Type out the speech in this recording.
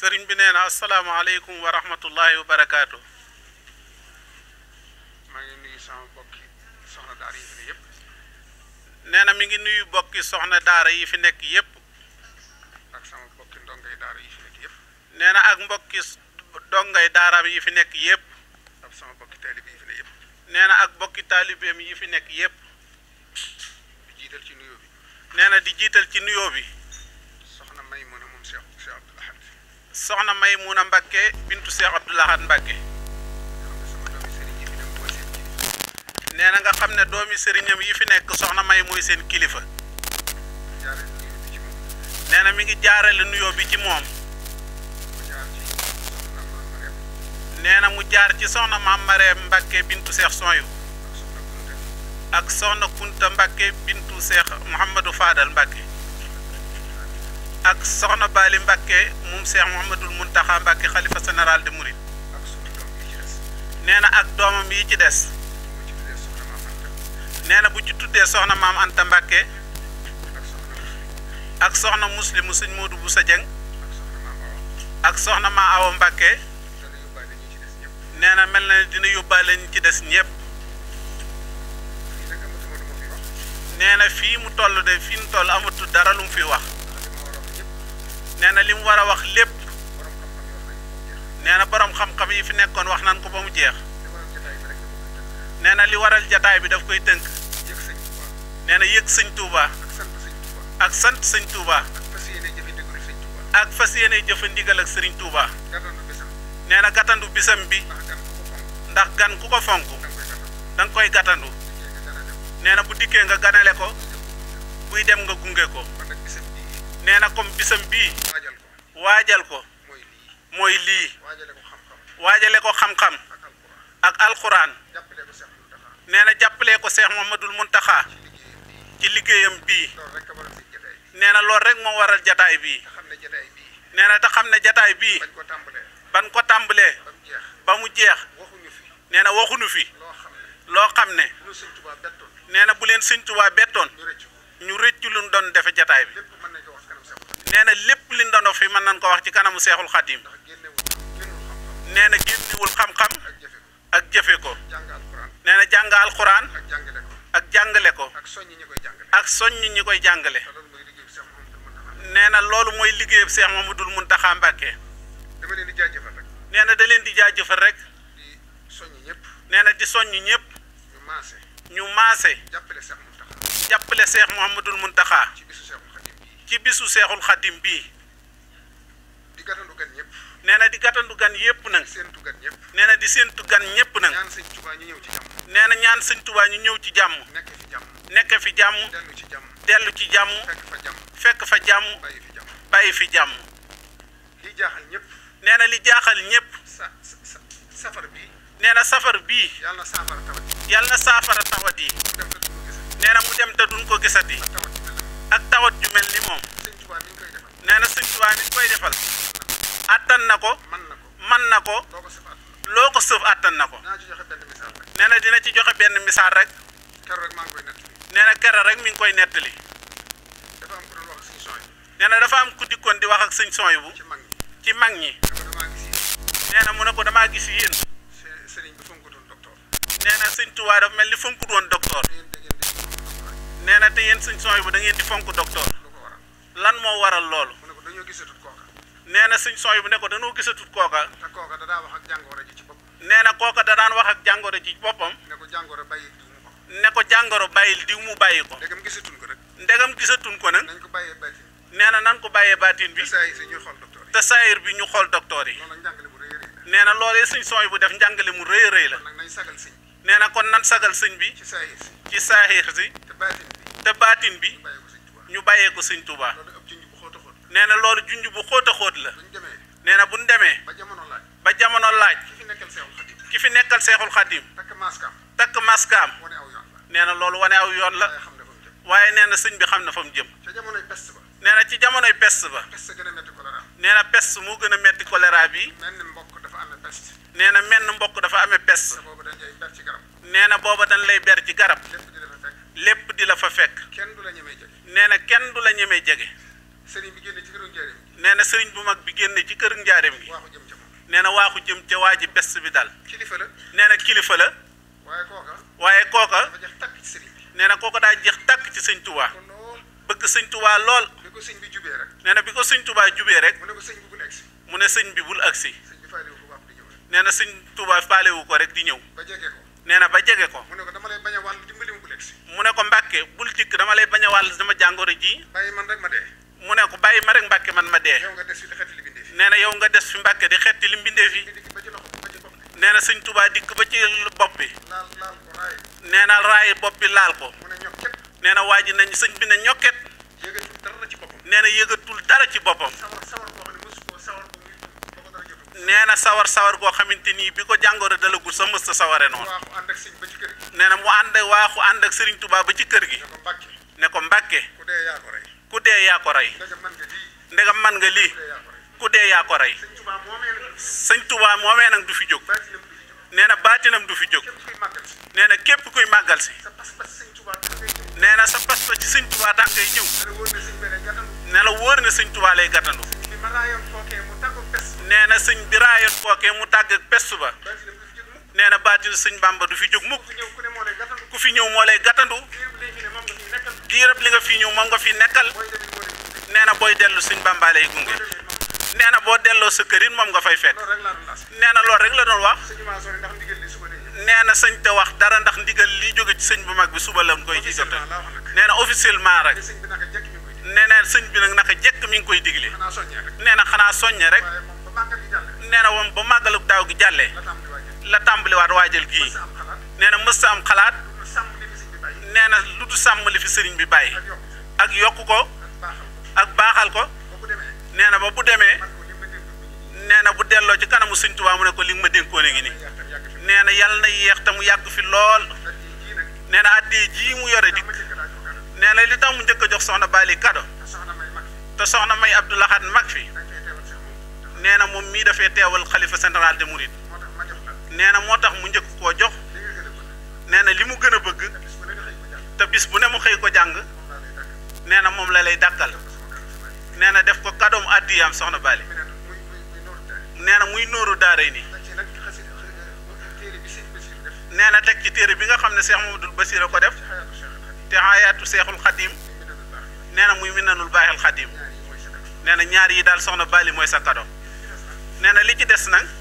sëriñ bi nee na asalaamaaleykum wa rahmatullahi wa barakaatu. maa ngi nuyu sama bokki soxna daara yi fi nekk yëpp. nee na mi ngi nuyu bokki soxna daara yi fi nekk yëpp. ak sama bokki ndongay daara yi fi nekk yëpp. nee na ak mbokki ndongay daaraam yi fi nekk yëpp. ak sama bokki taalib yi fi nekk yëpp. nee na ak bokki taalibeem yi fi nekk yëpp. di jiital ci nuyoo bi. nee na di jiital ci nuyoo bi. soxna Maymuna Mbàkke bintu Seex Abdulahat Mbàkke nee na nga xam ne doomi sëriñam yi fi nekk soxna may mooy seen kilifa nee na mi ngi jaarale nuyoo bi ci moom nee na mu jaar ci soxna maam Maree Mbàkke bintu Seex Sooyu ak soxna Kunta Mbàkke bintu Seex Muhammadu Faadal Mbàkke ak soxna Baali Mbàkke moom Cheikh Mouhamadul taxa Mbàkke xalifa général de Mouride nee na ak doomam yi ci des nee na bu ci tuddee soxna maam Anta Mbàkke ak soxna muslimu sëñ Moodu Busa Jeng ak soxna ma Awa Mbàkke nee na mel na dina yóbbaale ñu ci des ñëpp nee na fii mu toll de fii mu toll amatu dara lu mu fi wax nee na li mu war a wax lépp nee na borom xam yi fi nekkoon wax nan ko ba mu jeex nee na li waral jataay bi daf koy tënk nee na yëg sëñ Touba ak sant sëñ Touba ak fas yéene jëfandikal ak sëriñ Touba nee na gàttandu bisam bi ndax gan ku ko fonk da koy gàttandu nee na bu dikkee nga ganale ko buy dem nga gunge ko. nee kom bisam bi waajal ko moy li waajale ko xam-xam ak alxuraan nee na jàppalee ko cheikh Mamadul Muntaxa ci liggéeyam bi nee na rek mo waral jotaay bi nee ta te jotaay ne ban ko tàmbalee ba mu jeex nee fi lo ne bu len seigne touba ñu reccu lu doon defe jotaay bi nee lepp li liñ doon wax fii mën nañ ko wax ci kanamu cheikhul khadim nee na wul xam-xam ak jefe ko nee jang alquran ak jangale ko ak soññ ñi koy jàngale nee na loolu mooy liggéeyab seex Mamadul Muntaxa Mbàkke nee na da leen di jajeufal rek nee na di soññ ñepp ñu maase jàppale seex Muhammadul Muntaxa ci bisu seex ci bisu cheikhul khadim bi. di gàttandu gan ñëpp nee di gàttandu gan yëpp nag séentu gan ñëpp nee na di sentu gan ñep nag ñaan sëñ tubaa ñu ñëw ci jàmm nee ñaan seigne touba ñu ñew ci jamm nek fi jamm Nenek fi jàmm dellu ci jamm dellu ci fa jamm fekk fa fi jamm bàyyi fi li jaaxal ñep li jaaxal safar bi nee safar bi yalla na tawadi yalla yi tawadi na mu dem te duñ ko gisati ak tawat ju mel ni moom nee na sëñ Tuubaa mi ngi koy defal àttan na ko man na ko loo ko sëf àttan na ko nee na dina ci joxe benn misaal rek nee na keroog rek mi ngi koy nettali nee dafa am ku dikkoon di wax ak sëñ Sooyibu ci mag ñi nee na mu ne ko damaa gis yéen nee na sëñ Tuubaa dafa mel ni fonku doon docteur nee na te yéen sëñ sooy bu da ngeen di fonk docteur lan moo waral loolu nee na sëñ sooy bu ne ko dañoo gisatut kooka nee na kooka da daan wax ak jàngoro ji boppam ne ko jàngoro bàyyil diw mu bàyyi ko ndegam gisatu ko nag ndegam gisatun ko nag nee na nan ko bàyyee baatin bi te saayir bi ñu xool docteur yi nee na loolee sëñ sooy bu def njàngale mu rëy rëy la nee na kon nan sagal sëñ bi ci saahir si ci saahir si te baatin bi ñu bàyyee ko sëñ Tuubaa nee na loolu junj bu xóot a xóot la nee na bu ñu demee ba jamono laaj ki fi nekkal seexul xadim takk maskaam nee na loolu wane aw yoon la waaye nee na sëñ bi xam na fa mu jëm nee na ci jamonoy pest ba nee na pest moo gën a metti choléra bi. nee na menn mbokk dafa amee pes nee na booba dañ lay ber ci garab lépp di la fa fekk nee na kenn du la ñemee jege nee na sëriñ bu mag bi génne ci kër njaareem gi nee na waaxu jëm ca waa ji pes bi daal nee na kilifa la waaye kooka nee na kooka daa jeex tàkk ci sëñ Tuubaa bëgg sëñ Tuubaa lool nee na bi ko sëñ Tuubaa jubee rek mu ne sëñ bi bul agsi nee na sëñ Touba faalewu ko rek di ñëw. ba jege nee na ba jege ko. mu ne ko dama lay bañ a wàll dimbali ma mu ne ko mbàkke bul dikk dama lay bañ a wàll dama jàngoro ji. bàyyi man rek ma dee. mu ne ko bàyyi ma rek mbàkke man ma dee. yow nga des fi fi. nee na yow nga des fi mbàkke di xetti li mbindee fi. nee na sëñ Touba dikk ba ci bopp bi. laal laal ko raay. nee bopp bi laal ko. mu ne nee na waa ji nañ sëñ bi nañ ñokket. yëgatul dara ci boppam. nee na yëgatul dara ci boppam. neena sawar sawar goo xamanteni bi ko jàngoro dalagul sa musta saware non neena na mu ànd waxu ànd ak Serigne Touba ba ci keur gi ne ko mbacke ku de ya ko ray ndega man nga li ku de ya ko ray serigne Touba momé nak du fi jog neena batinam du fi jog neena kep képp kuy màggal si neena sa pass pass ci serigne Touba tankay ñew ñëw nee na Touba lay gàttandu nee na sëñ bi raayoon mu tàgg ak pestu ba nee na baatil sëñ bàmba du fi jóg mukk ku fi ñëw moo lay gàttandu diirab li nga fi ñëw moom nga fi nekkal nee na booy dellu sëñ bàmba lay gunge nee na boo delloo sa kërin moom nga fay fekk nee na loolu rek la doon wax nee na sëñ te wax dara ndax ndigal liy jóge ci sëñ bu mag bi suba la koy ci jotal nee na officiellement rek. nee na sëñ bi nag naka jekk mi ngi koy digle nee na xanaa soññe rek nee na moom ba màggalug daaw gi jàllee la tàmbaliwaat waajal gii nee na mës am xalaat nee na lu sàmm li fi sëriñ bi bàyyi ak yokk ko ak baaxal ko nee na ba bu demee nee na bu delloo ci kanamu sëñ Tuubaa mu ne ko li nga ma dénkoone ngi ni nee na yàlla na yéex te mu yàgg fi lool nee na addi ji mu yore dikk neena li tax mu njëkk jox soxna Bali kado te soxna May Abdoulahat mag fi neena mom mi mii téwal khalifa central de Mouride neena motax mu njëkk ko jox neena limu gëna bëgg te bis bu ne mu xey ko jang neena mom la lay dakkal neena def ko kadoom addiyaam soxna Bali neena muy nooru daara ni neena tek ci téré bi nga xam Cheikh Mamadou Bassir ko def te xaayaatu Cheikh الخادم نانا موي منن الباه الخادم نانا نياار يي دال سخنا بالي موي سا نانا لي تي ديس نان